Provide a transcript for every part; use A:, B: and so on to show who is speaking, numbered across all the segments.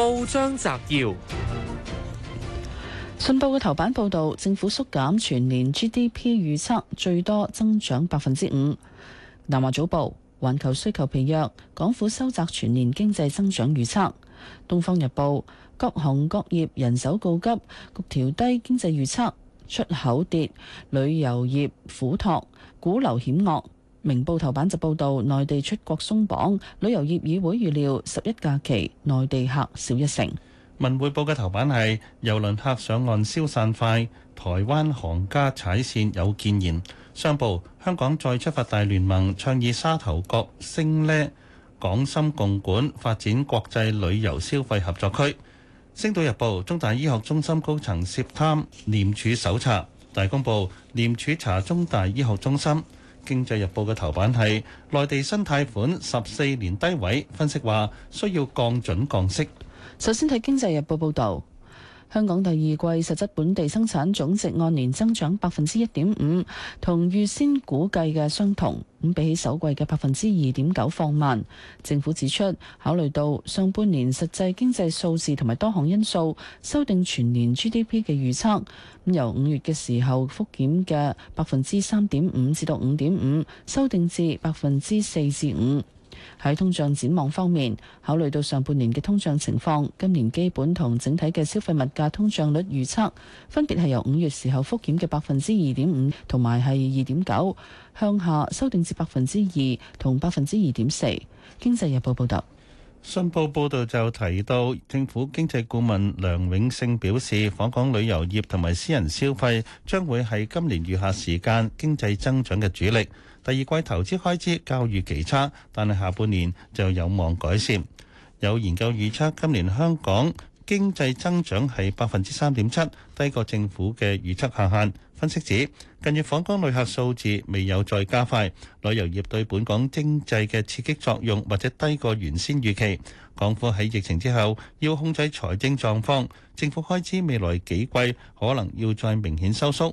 A: 報章摘要：
B: 信報嘅頭版報道，政府縮減全年 GDP 預測，最多增長百分之五。南華早報：環球需求疲弱，港府收窄全年經濟增長預測。東方日報：各行各業人手告急，局調低經濟預測，出口跌，旅遊業苦托，股流險惡。明報頭版就報導，內地出國鬆綁，旅遊業議會預料十一假期內地客少一成。
A: 文匯報嘅頭版係郵輪客上岸消散快，台灣行家踩線有建言。商報，香港再出發大聯盟倡議沙頭角升呢，港深共管發展國際旅遊消費合作區。星島日報，中大醫學中心高層涉貪，廉署搜查。大公報，廉署查中大醫學中心。經濟日報嘅頭版係內地新貸款十四年低位，分析話需要降準降息。
B: 首先睇經濟日報報導。香港第二季實質本地生產總值按年增長百分之一點五，同預先估計嘅相同。咁比起首季嘅百分之二點九放慢。政府指出，考慮到上半年實際經濟數字同埋多項因素，修訂全年 GDP 嘅預測。咁由五月嘅時候復檢嘅百分之三點五至到五點五，修訂至百分之四至五。喺通脹展望方面，考慮到上半年嘅通脹情況，今年基本同整體嘅消費物價通脹率預測分別係由五月時候覆檢嘅百分之二點五同埋係二點九向下修訂至百分之二同百分之二點四。經濟日報報道，
A: 新報報道就提到，政府經濟顧問梁永勝表示，訪港旅遊業同埋私人消費將會係今年餘下時間經濟增長嘅主力。第二季投資開支較預期差，但係下半年就有望改善。有研究預測今年香港經濟增長係百分之三點七，低過政府嘅預測下限。分析指近月訪港旅客數字未有再加快，旅遊業對本港經濟嘅刺激作用或者低過原先預期。港府喺疫情之後要控制財政狀況，政府開支未來幾季可能要再明顯收縮。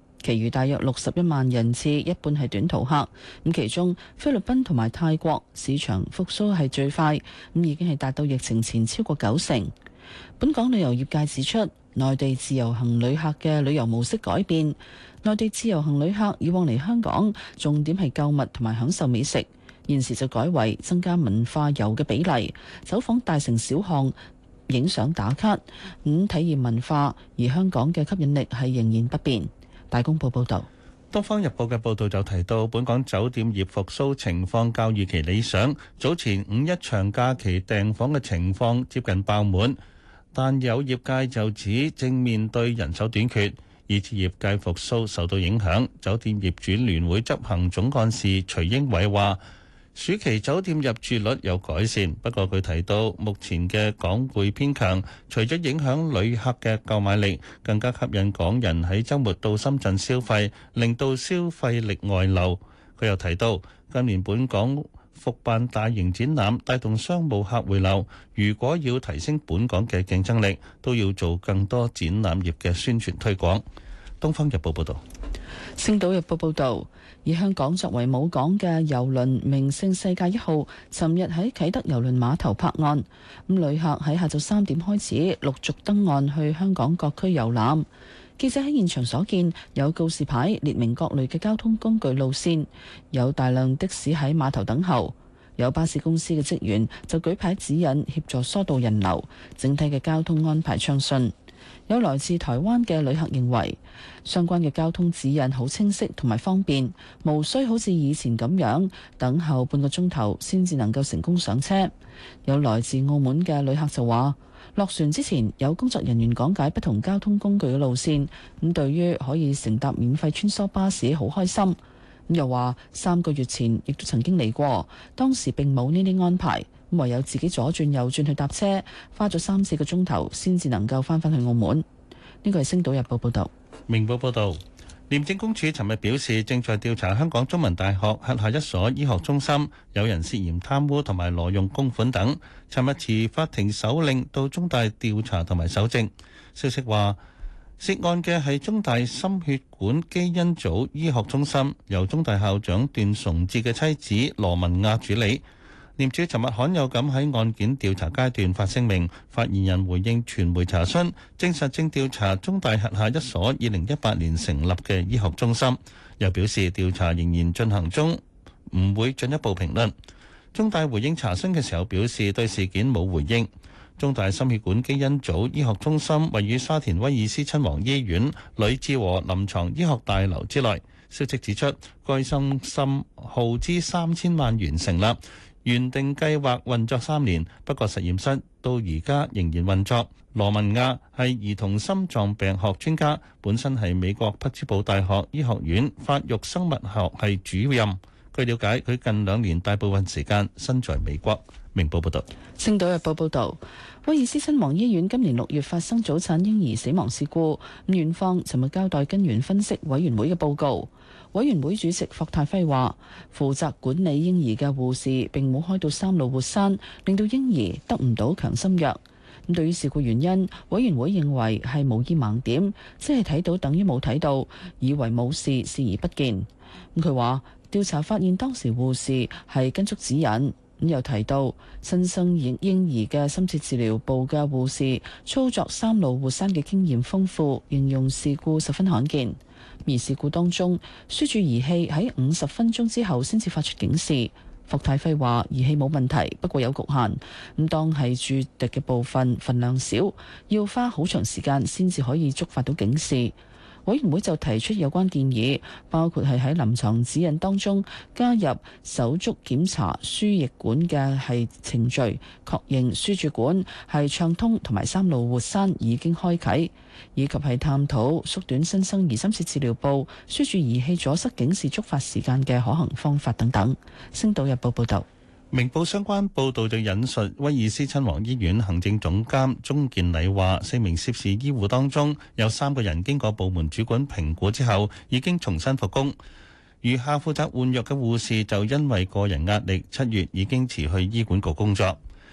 B: 其餘大約六十一萬人次，一半係短途客。咁其中菲律賓同埋泰國市場復蘇係最快，咁已經係達到疫情前超過九成。本港旅遊業界指出，內地自由行旅客嘅旅遊模式改變，內地自由行旅客以往嚟香港重點係購物同埋享受美食，現時就改為增加文化遊嘅比例，走訪大城小巷，影相打卡，咁體驗文化。而香港嘅吸引力係仍然不變。大公報報道，
A: 東方日報嘅報道就提到，本港酒店業復蘇情況較預期理想。早前五一長假期訂房嘅情況接近爆滿，但有業界就指正面對人手短缺，以致業界復蘇受到影響。酒店業主聯會執行總幹事徐英偉話。暑期酒店入住率有改善，不過佢提到目前嘅港匯偏強，除咗影響旅客嘅購買力，更加吸引港人喺周末到深圳消費，令到消費力外流。佢又提到近年本港復辦大型展覽帶動商務客回流。如果要提升本港嘅競爭力，都要做更多展覽業嘅宣傳推廣，東方日報報道，
B: 星島日報報道。以香港作為母港嘅郵輪「名勝世界」一號，尋日喺啟德郵輪碼頭泊岸，咁旅客喺下晝三點開始陸續登岸去香港各區遊覽。記者喺現場所見，有告示牌列明各類嘅交通工具路線，有大量的士喺碼頭等候，有巴士公司嘅職員就舉牌指引協助疏導人流，整體嘅交通安排暢順。有來自台灣嘅旅客認為，相關嘅交通指引好清晰同埋方便，無需好似以前咁樣，等候半個鐘頭先至能夠成功上車。有來自澳門嘅旅客就話，落船之前有工作人員講解不同交通工具嘅路線，咁對於可以乘搭免費穿梭巴士好開心。咁又話，三個月前亦都曾經嚟過，當時並冇呢啲安排。唯有自己左轉右轉去搭車，花咗三四個鐘頭，先至能夠翻返去澳門。呢個係《星島日報》報導，
A: 《明報》報導，廉政公署尋日表示正在調查香港中文大學轄下一所醫學中心，有人涉嫌貪污同埋挪用公款等。尋日持法庭手令到中大調查同埋搜證。消息話，涉案嘅係中大心血管基因組醫學中心，由中大校長段崇智嘅妻子羅文亞處理。廉署尋日罕有咁喺案件調查階段發聲明。發言人回應傳媒查詢，證實正調查中大轄下一所二零一八年成立嘅醫學中心，又表示調查仍然進行中，唔會進一步評論。中大回應查詢嘅時候表示對事件冇回應。中大心血管基因組醫學中心位於沙田威爾斯親王醫院呂志和臨牀醫學大樓之內。消息指出，該中心耗資三千萬元成立。原定計劃運作三年，不過實驗室到而家仍然運作。羅文亞係兒童心臟病學專家，本身係美國匹茲堡大學醫學院發育生物學系主任。據了解，佢近兩年大部分時間身在美國。明報報道，
B: 《星島日報》報道，威爾斯親王醫院今年六月發生早產嬰兒死亡事故，院方尋日交代根源分析委員會嘅報告。委員會主席霍泰輝話，負責管理嬰兒嘅護士並冇開到三路活塞，令到嬰兒得唔到強心藥。咁對於事故原因，委員會認為係無意盲點，即係睇到等於冇睇到，以為冇事視而不見。咁佢話調查發現當時護士係跟足指引。咁又提到新生嬰兒嘅深切治療部嘅護士操作三路活栓嘅經驗豐富，形容事故十分罕見。而事故當中，輸注儀器喺五十分鐘之後先至發出警示。霍太輝話：儀器冇問題，不過有局限，咁當係注射嘅部分份量少，要花好長時間先至可以觸發到警示。委員會就提出有關建議，包括係喺臨床指引當中加入手足檢查輸液管嘅係程序，確認輸注管係暢通同埋三路活塞已經開啟，以及係探討縮短新生兒深切治療部輸注儀器阻塞警示觸發時間嘅可行方法等等。星島日報報道。
A: 明報相關報導就引述威爾斯親王醫院行政總監鍾建禮話：四名涉事醫護當中有三個人經過部門主管評估之後已經重新復工，餘下負責換藥嘅護士就因為個人壓力，七月已經辭去醫管局工作。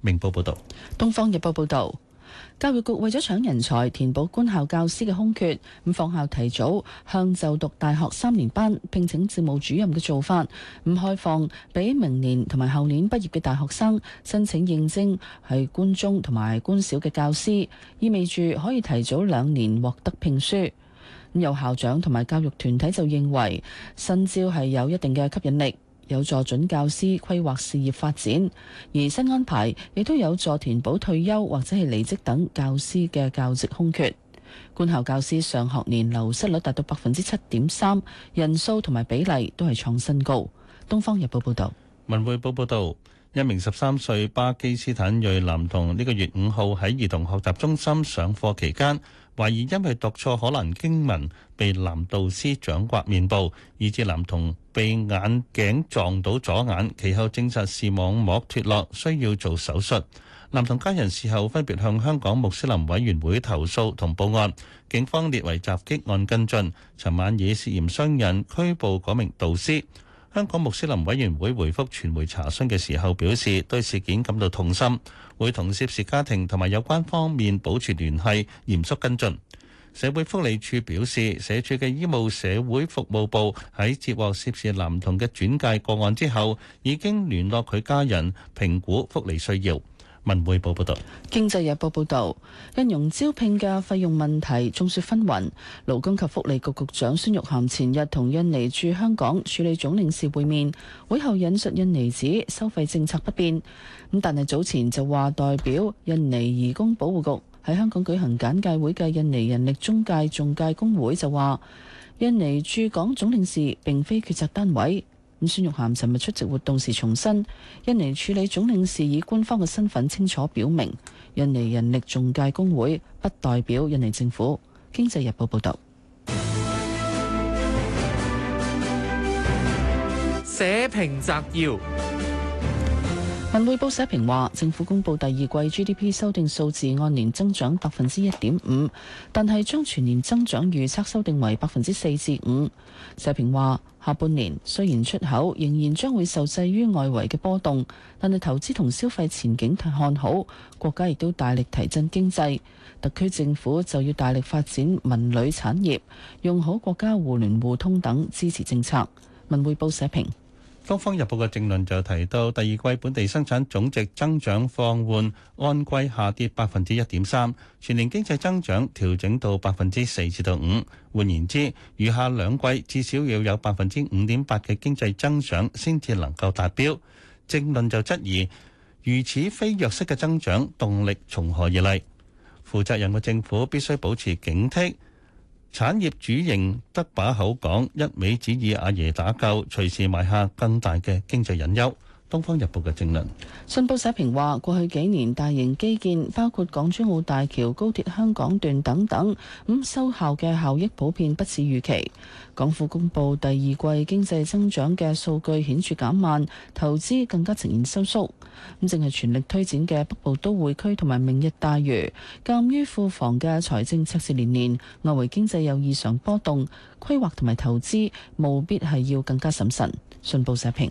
A: 明報報道，
B: 東方日報報道，教育局為咗搶人才，填補官校教師嘅空缺，咁放校提早向就讀大學三年班聘請事務主任嘅做法，唔開放俾明年同埋後年畢業嘅大學生申請應徵係官中同埋官小嘅教師，意味住可以提早兩年獲得聘書。咁有校長同埋教育團體就認為，新招係有一定嘅吸引力。有助準教師規劃事業發展，而新安排亦都有助填補退休或者係離職等教師嘅教職空缺。官校教師上學年流失率達到百分之七點三，人數同埋比例都係創新高。《東方日報》報道。
A: 《文匯報》報道，一名十三歲巴基斯坦裔男童呢個月五號喺兒童學習中心上課期間，懷疑因為讀錯可能經文，被男導師掌摑面部，以致男童被眼鏡撞到左眼，其後證實視網膜脫落，需要做手術。男童家人事後分別向香港穆斯林委員會投訴同報案，警方列為襲擊案跟進。尋晚以涉嫌傷人拘捕嗰名導師。香港穆斯林委員會回覆傳媒查詢嘅時候表示，對事件感到痛心，會同涉事家庭同埋有關方面保持聯繫，嚴肅跟進。社會福利署表示，社署嘅醫務社會服務部喺接獲涉事男童嘅轉介個案之後，已經聯絡佢家人，評估福利需要。文匯報報道，
B: 《經濟日報》報道，印尼招聘嘅費用問題眾說紛紜。勞工及福利局局長孫玉涵前日同印尼駐香港處理總領事會面，會後引述印尼指收費政策不變。咁但係早前就話代表印尼移工保護局喺香港舉行簡介會嘅印尼人力中介仲介工會就話，印尼駐港總領事並非決策單位。咁孫玉菡尋日出席活動時重申，印尼處理總領事以官方嘅身份清楚表明，印尼人力仲介工會不代表印尼政府。經濟日報報道。社評摘要。文匯報社評話，政府公布第二季 GDP 修訂數字，按年增長百分之一點五，但係將全年增長預測修訂為百分之四至五。社評話，下半年雖然出口仍然將會受制於外圍嘅波動，但係投資同消費前景太看好，國家亦都大力提振經濟，特區政府就要大力發展文旅產業，用好國家互聯互通等支持政策。文匯報社評。
A: 東方日報嘅政論就提到，第二季本地生產總值增長放緩，按季下跌百分之一點三，全年經濟增長調整到百分之四至到五。換言之，餘下兩季至少要有百分之五點八嘅經濟增長先至能夠達標。政論就質疑，如此飛躍式嘅增長動力從何而嚟？負責任嘅政府必須保持警惕。產業主營得把口講，一味旨意阿爺打救，隨時埋下更大嘅經濟隱憂。《東方日報》嘅政論，
B: 信報社評話：過去幾年大型基建，包括港珠澳大橋、高鐵香港段等等，咁收效嘅效益普遍不似預期。港府公布第二季經濟增長嘅數據顯著減慢，投資更加呈現收縮。咁淨係全力推展嘅北部都會區同埋明日大嶼，鑑於庫房嘅財政赤字年年，外圍經濟有異常波動，規劃同埋投資務必係要更加審慎。信報社評。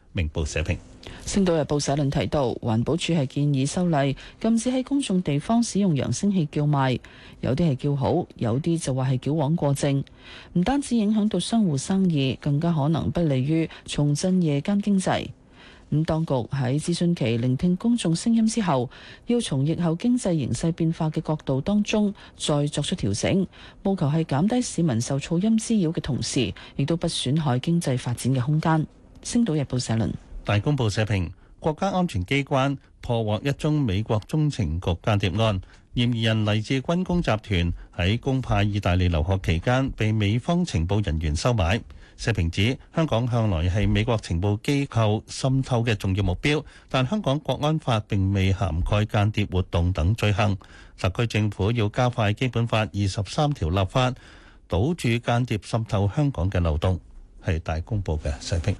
A: 明報社評，
B: 《星島日報社論》提到，環保署係建議修例，禁止喺公眾地方使用揚聲器叫賣。有啲係叫好，有啲就話係矯枉過正。唔單止影響到商戶生意，更加可能不利於重振夜間經濟。咁、嗯，當局喺諮詢期聆聽公眾聲音之後，要從疫後經濟形勢變化嘅角度當中，再作出調整，務求係減低市民受噪音滋擾嘅同時，亦都不損害經濟發展嘅空間。星島日報社論：
A: 大公報社評，國家安全機關破獲一宗美國中情局間諜案，嫌疑人，嚟自軍工集團，喺公派意大利留學期間被美方情報人員收買。社評指，香港向來係美國情報機構滲透嘅重要目標，但香港國安法並未涵蓋間諜活動等罪行。特區政府要加快《基本法》二十三條立法，堵住間諜滲透香港嘅漏洞。係大公報嘅社評。